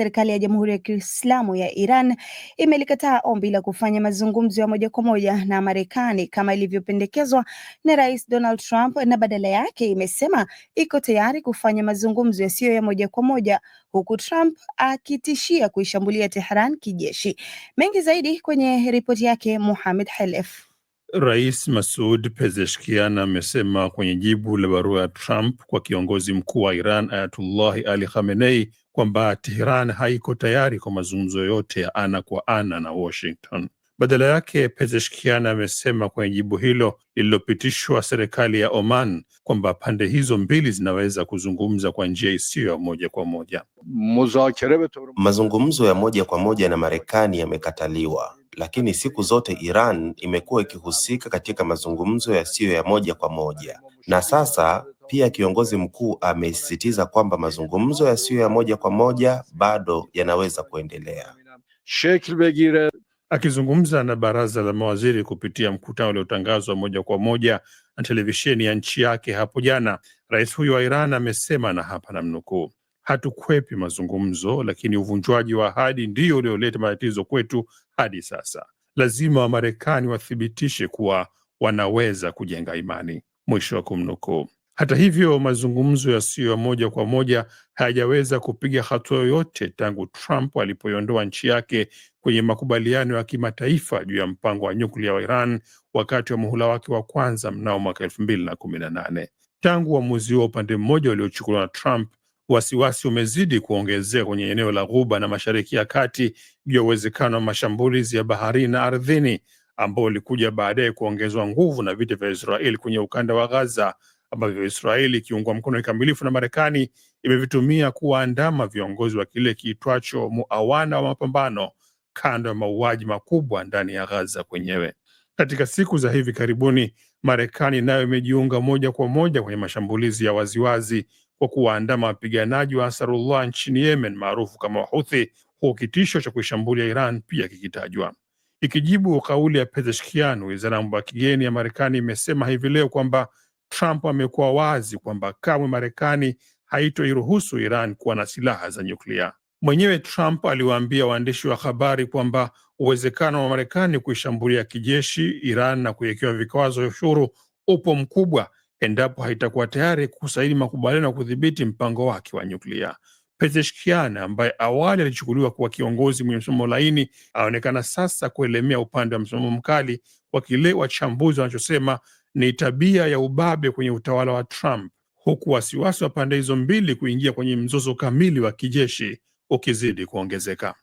serikali ya Jamhuri ya Kiislamu ya Iran imelikataa ombi la kufanya mazungumzo ya moja kwa moja na Marekani kama ilivyopendekezwa na Rais Donald Trump na badala yake imesema iko tayari kufanya mazungumzo yasiyo ya moja kwa moja huku Trump akitishia kuishambulia Tehran kijeshi. Mengi zaidi kwenye ripoti yake Mohamed Halef. Rais Masoud Pezeshkian amesema kwenye jibu la barua ya Trump kwa kiongozi mkuu wa Iran Ayatullahi Ali Khamenei kwamba Tehran haiko tayari kwa mazungumzo yote ya ana kwa ana na Washington. Badala yake, Pezeshkian amesema kwenye jibu hilo lililopitishwa serikali ya Oman kwamba pande hizo mbili zinaweza kuzungumza kwa njia isiyo ya moja kwa moja. Mazungumzo ya moja kwa moja na Marekani yamekataliwa lakini siku zote Iran imekuwa ikihusika katika mazungumzo yasiyo ya moja kwa moja, na sasa pia kiongozi mkuu amesisitiza kwamba mazungumzo yasiyo ya moja kwa moja bado yanaweza kuendelea. Akizungumza na baraza la mawaziri kupitia mkutano uliotangazwa moja kwa moja na televisheni ya nchi yake hapo jana, rais huyo wa Iran amesema, na hapa namnukuu hatukwepi mazungumzo, lakini uvunjwaji wa ahadi ndiyo ulioleta matatizo kwetu hadi sasa. Lazima Wamarekani wathibitishe kuwa wanaweza kujenga imani. Mwisho wa kumnukuu. Hata hivyo, mazungumzo yasiyo ya moja kwa moja hayajaweza kupiga hatua yoyote tangu Trump alipoiondoa nchi yake kwenye makubaliano ya kimataifa juu ya mpango wa nyuklia wa Iran wakati wa muhula wake wa kwanza mnao mwaka elfu mbili na kumi na nane. Tangu uamuzi huo upande mmoja uliochukuliwa na Trump wasiwasi umezidi kuongezea kwenye eneo la Ghuba na Mashariki ya Kati juu ya uwezekano wa mashambulizi ya baharini na ardhini ambao ulikuja baadaye kuongezwa nguvu na vita vya Israeli kwenye ukanda wa Gaza ambavyo Israeli ikiungwa mkono kikamilifu na Marekani imevitumia kuwaandama viongozi wa kile kiitwacho muawana wa mapambano kando ya mauaji makubwa ndani ya Gaza kwenyewe. Katika siku za hivi karibuni, Marekani nayo imejiunga moja kwa moja kwenye mashambulizi ya waziwazi kwa kuwaandama wapiganaji wa Ansarullah nchini Yemen maarufu kama Wahuthi, huku kitisho cha kuishambulia Iran pia kikitajwa. Ikijibu kauli ya Pezeshkian, wizara ya mambo ya kigeni ya Marekani imesema hivi leo kwamba Trump amekuwa wazi kwamba kamwe Marekani haitoiruhusu Iran kuwa na silaha za nyuklia. Mwenyewe Trump aliwaambia waandishi wa habari kwamba uwezekano wa Marekani kuishambulia kijeshi Iran na kuwekewa vikwazo ushuru upo mkubwa endapo haitakuwa tayari kusaini makubaliano ya kudhibiti mpango wake wa nyuklia. Pezeshkian ambaye awali alichukuliwa kuwa kiongozi mwenye msimamo laini anaonekana sasa kuelemea upande wa msimamo mkali wa kile wachambuzi wanachosema ni tabia ya ubabe kwenye utawala wa Trump, huku wasiwasi wa pande hizo mbili kuingia kwenye mzozo kamili wa kijeshi ukizidi kuongezeka